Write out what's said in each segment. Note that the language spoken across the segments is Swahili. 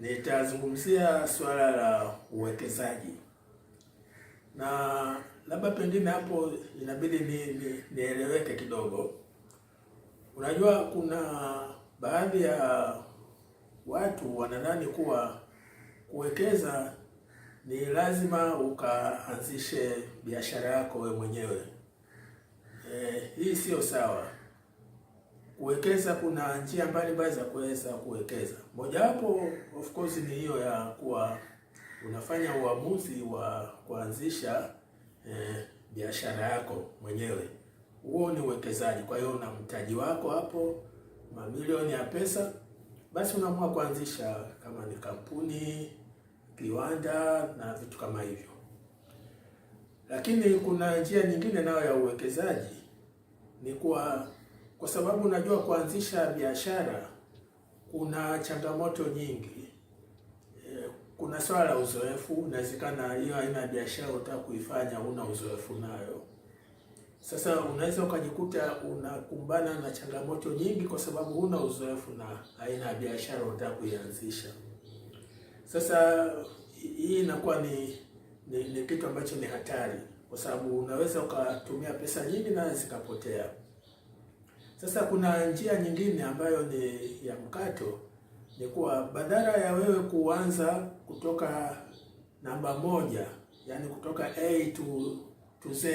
nitazungumzia swala la uwekezaji na labda pengine hapo inabidi ni, ni, nieleweke kidogo. Unajua, kuna baadhi ya watu wanadhani kuwa kuwekeza ni lazima ukaanzishe biashara yako wewe mwenyewe. E, hii sio sawa kuwekeza kuna njia mbalimbali za kuweza kuwekeza. Mojawapo of course ni hiyo ya kuwa unafanya uamuzi wa kuanzisha eh, biashara yako mwenyewe. Huo ni uwekezaji. Kwa hiyo una mtaji wako hapo, mamilioni ya pesa, basi unaamua kuanzisha kama ni kampuni, kiwanda na vitu kama hivyo. Lakini kuna njia nyingine nayo ya uwekezaji ni kuwa kwa sababu najua kuanzisha biashara kuna changamoto nyingi. Eh, kuna swala la uzoefu. Inawezekana hiyo aina ya biashara unataka kuifanya una uzoefu nayo. Sasa unaweza ukajikuta unakumbana na changamoto nyingi kwa sababu huna uzoefu na aina ya biashara unataka kuianzisha. Sasa hii inakuwa ni, ni, ni kitu ambacho ni hatari kwa sababu unaweza ukatumia pesa nyingi na zikapotea. Sasa kuna njia nyingine ambayo ni ya mkato, ni kuwa badala ya wewe kuanza kutoka namba moja, yani kutoka A to, to Z,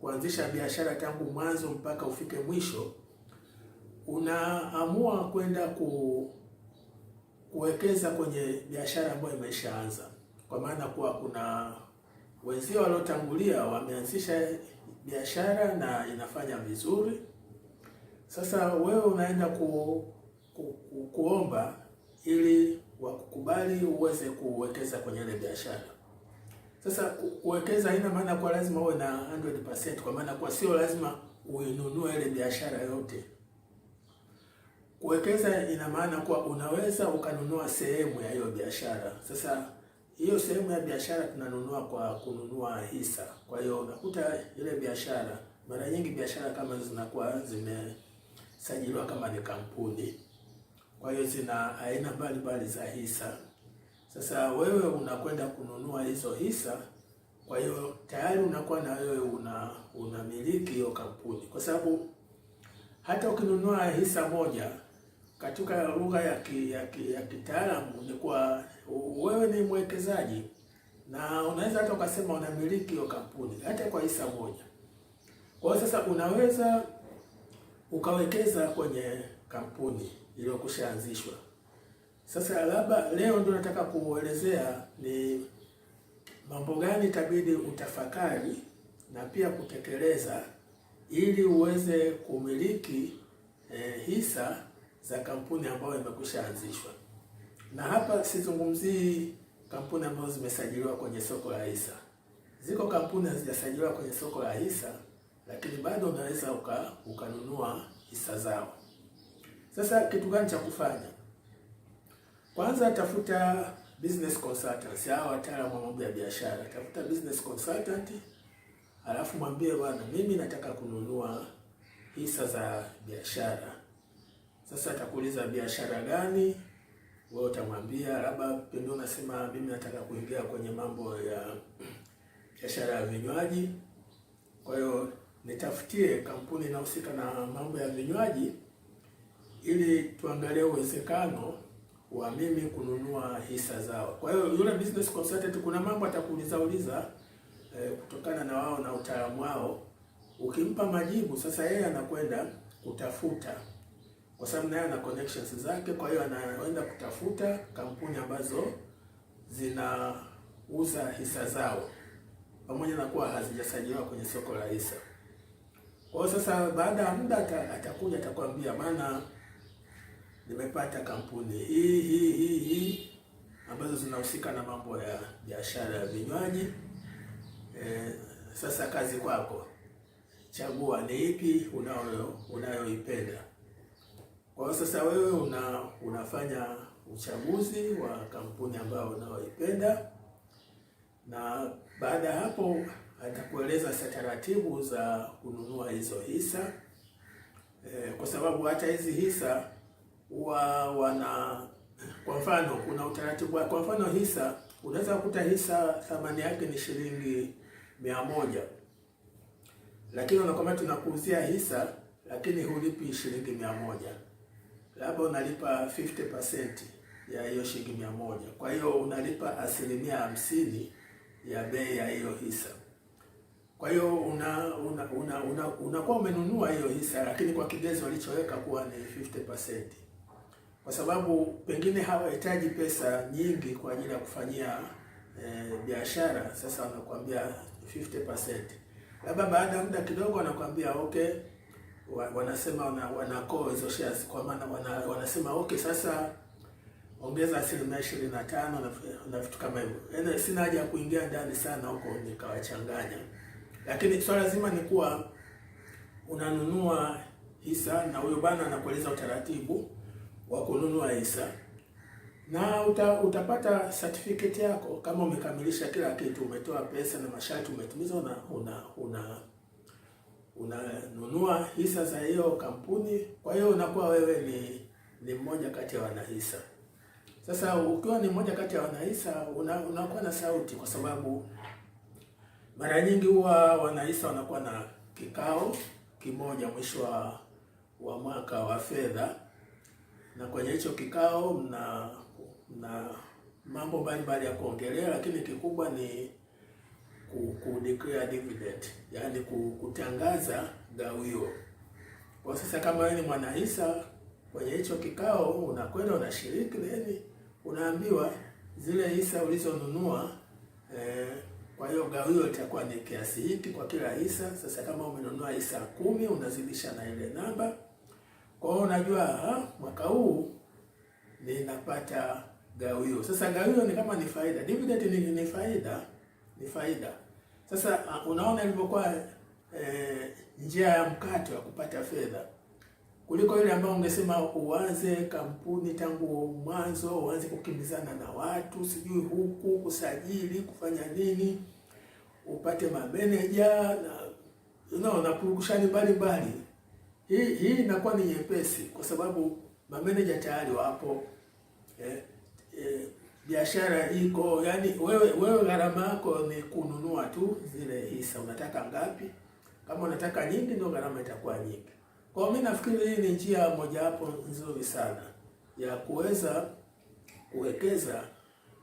kuanzisha biashara tangu mwanzo mpaka ufike mwisho, unaamua kwenda ku kuwekeza kwenye biashara ambayo imeshaanza, kwa maana kuwa kuna wenzio waliotangulia wameanzisha biashara na inafanya vizuri. Sasa wewe unaenda ku, ku, ku, kuomba ili wakukubali uweze kuwekeza kwenye ile biashara. Sasa kuwekeza haina maana kwa lazima uwe na 100% kwa maana kwa sio lazima uinunue ile biashara yote. Kuwekeza ina maana kuwa unaweza ukanunua sehemu ya hiyo biashara. Sasa hiyo sehemu ya biashara tunanunua kwa kununua hisa. Kwa hiyo unakuta ile biashara mara nyingi biashara kama zinakuwa zime sajiliwa kama ni kampuni. Kwa hiyo zina aina mbalimbali za hisa. Sasa wewe unakwenda kununua hizo hisa, kwa hiyo tayari unakuwa na wewe una unamiliki hiyo kampuni, kwa sababu hata ukinunua hisa moja katika lugha ya ki, ya, ki, ya kitaalamu ni wewe ni mwekezaji, na unaweza hata ukasema unamiliki hiyo kampuni hata kwa hisa moja. Kwa hiyo sasa unaweza ukawekeza kwenye kampuni anzishwa Sasa labda leo ndio nataka kuelezea ni mambo gani itabidi utafakari na pia kutekeleza ili uweze kumiliki eh, hisa za kampuni ambayo imekwisha anzishwa. Na hapa sizungumzii kampuni ambazo zimesajiliwa kwenye soko la hisa. Ziko kampuni hazijasajiliwa kwenye soko la hisa lakini bado unaweza uka, ukanunua hisa zao. Sasa kitu gani cha kufanya? Kwanza tafuta business consultants au wataalamu wa mambo ya biashara, tafuta business consultant, alafu mwambie bwana, mimi nataka kununua hisa za biashara. Sasa atakuuliza biashara gani, wewe utamwambia labda pengine unasema mimi nataka kuingia kwenye mambo ya biashara ya vinywaji, kwa hiyo nitafutie kampuni inayohusika na, mambo ya vinywaji ili tuangalie uwezekano wa mimi kununua hisa zao. Kwa hiyo yule business consultant kuna mambo atakuuliza uliza e, kutokana na wao na utaalamu wao. Ukimpa majibu sasa, yeye anakwenda kutafuta, kwa sababu naye ana connections zake. Kwa hiyo anaenda kutafuta kampuni ambazo zinauza hisa zao pamoja na kuwa hazijasajiliwa kwenye soko la hisa. Kwa hiyo sasa, baada ya muda atakuja atakwambia, maana nimepata kampuni hii hii hii hii ambazo zinahusika na mambo ya biashara ya vinywaji. E, sasa kazi kwako, chagua ni ipi unayo unayoipenda. Kwa hiyo sasa wewe una, unafanya uchaguzi wa kampuni ambayo unayoipenda na baada ya hapo atakueleza sa taratibu za kununua hizo hisa e, kwa sababu hata hizi hisa huwa wana kwa mfano kuna utaratibu. Kwa mfano hisa unaweza kukuta hisa thamani yake ni shilingi mia moja, lakini unakwambia tunakuuzia hisa, lakini hulipi shilingi mia moja, labda unalipa 50% ya hiyo shilingi mia moja. Kwa hiyo unalipa asilimia hamsini ya bei ya hiyo hisa. Kwa hiyo una unakuwa una, una, una umenunua hiyo hisa, lakini kwa kigezo walichoweka kuwa ni 50%, kwa sababu pengine hawahitaji pesa nyingi kwa ajili ya kufanyia e, biashara. Sasa wanakuambia 50%, labda baada ya muda kidogo wanakuambia okay, wanasema wana, wana hizo shares kwa maana wana, wanasema okay sasa ongeza asilimia ishirini na tano na vitu kama hivyo. Yaani sina haja ya kuingia ndani sana huko nikawachanganya, lakini swala zima ni kuwa unanunua hisa na huyo bwana anakueleza utaratibu wa kununua hisa na uta, utapata certificate yako kama umekamilisha kila kitu, umetoa pesa na masharti umetimiza, una una unanunua una hisa za hiyo kampuni. Kwa hiyo unakuwa wewe ni ni mmoja kati ya wanahisa. Sasa ukiwa ni mmoja kati ya wanahisa unakuwa una na sauti, kwa sababu mara nyingi huwa wanahisa wanakuwa na kikao kimoja mwisho wa, wa mwaka wa fedha, na kwenye hicho kikao mna, na mambo mbalimbali ya kuongelea, lakini kikubwa ni ku declare dividend, yani kutangaza gawio. Kwa sasa kama wewe ni mwanahisa kwenye hicho kikao unakwenda unashiriki leni unaambiwa zile hisa ulizonunua eh, kwa hiyo gawio itakuwa ni kiasi hiki kwa kila hisa. Sasa kama umenunua hisa kumi unazidisha na ile namba. Kwa hiyo unajua ha, mwaka huu ninapata gawio. Sasa gawio ni kama ni faida, dividend ni, ni faida ni faida. Sasa ah, unaona ilivyokuwa eh, njia ya mkato ya kupata fedha kuliko yule ambao ungesema uanze kampuni tangu mwanzo, uanze kukimbizana na watu, sijui huku kusajili, kufanya nini, upate mameneja na you know, na purukushani mbalimbali. Hii hii inakuwa ni nyepesi kwa sababu mameneja tayari wapo eh, eh, biashara iko, yani wewe wewe gharama yako ni kununua tu zile hisa. Unataka ngapi? Kama unataka nyingi, ndio gharama itakuwa nyingi. Kwa mimi nafikiri hii ni njia mojawapo nzuri sana ya kuweza kuwekeza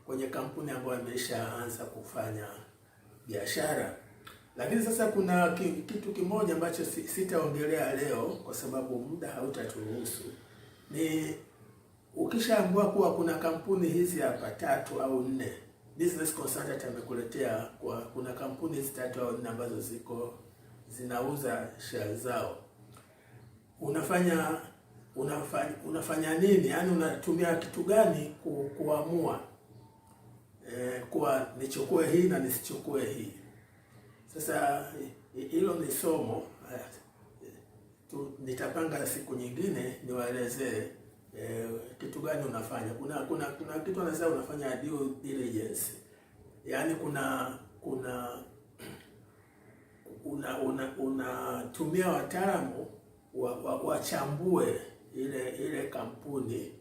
kwenye kampuni ambayo imeshaanza kufanya biashara. Lakini sasa kuna kitu kimoja ambacho sitaongelea leo kwa sababu muda hautaturuhusu. Ni ukishaambua kuwa kuna kampuni hizi hapa tatu au nne, business consultant amekuletea kwa kuna kampuni hizi tatu au nne ambazo ziko zinauza share zao unafanya unafanya, unafanya nini, yaani unatumia kitu gani ku, kuamua e, kuwa nichukue hii na nisichukue hii. Sasa hilo ni somo e, tu, nitapanga siku nyingine niwaelezee e, kitu gani unafanya. Kuna kuna kuna kitu anasema unafanya due diligence, yaani kuna kuna unatumia una, una wataalamu wachambue wa, wa ile ile kampuni,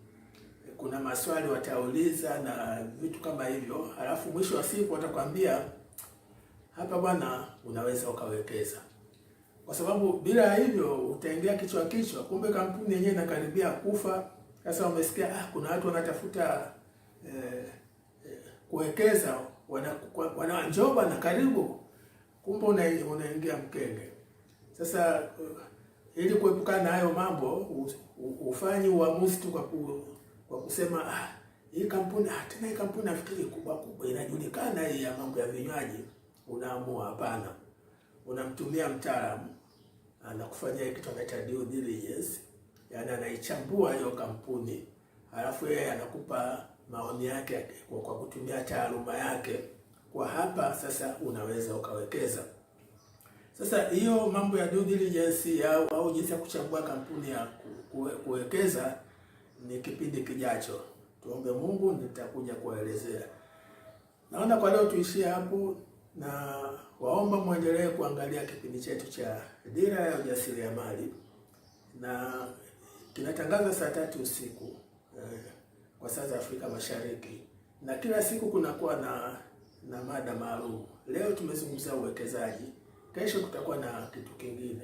kuna maswali watauliza na vitu kama hivyo, halafu mwisho wa siku watakwambia hapa bwana, unaweza ukawekeza, kwa sababu bila hivyo utaingia kichwa kichwa, kumbe kampuni yenyewe inakaribia kufa. Sasa umesikia ah, kuna watu wanatafuta eh, eh, kuwekeza wana, wana njoba na karibu, kumbe unaingia mkenge sasa uh, ili kuepukana na hayo mambo, ufanye uamuzi tu kwa, ku, kwa kusema ah, hii kampuni ah, tena hii kampuni nafikiri kubwa kubwa inajulikana hii ya mambo ya vinywaji. Unaamua hapana, unamtumia mtaalamu anakufanyia kitu anaita due diligence, yani anaichambua hiyo kampuni, alafu yeye anakupa maoni yake kwa, kwa kutumia taaluma yake, kwa hapa sasa unaweza ukawekeza sasa hiyo mambo ya due diligence au, au jinsi ya kuchagua kampuni ya kuwekeza ni kipindi kijacho. Tuombe Mungu, nitakuja kuelezea. Naona kwa leo tuishie hapo, na waomba mwendelee kuangalia kipindi chetu cha Dira ya Ujasiriamali na kinatangaza saa tatu usiku eh, kwa saa za Afrika Mashariki, na kila siku kunakuwa na na mada maalum. Leo tumezungumzia uwekezaji kesho tutakuwa na kitu kingine.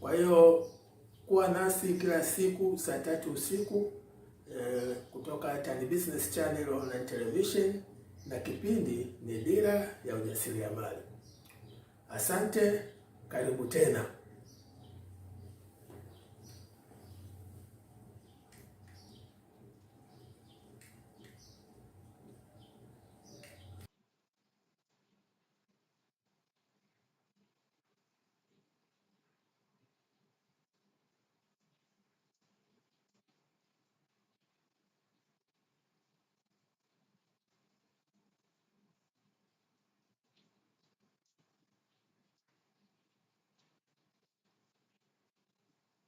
Kwa hiyo kuwa nasi kila siku saa tatu usiku e, kutoka Tan Business Channel Online Television na kipindi ni Dira ya Ujasiriamali. Asante, karibu tena.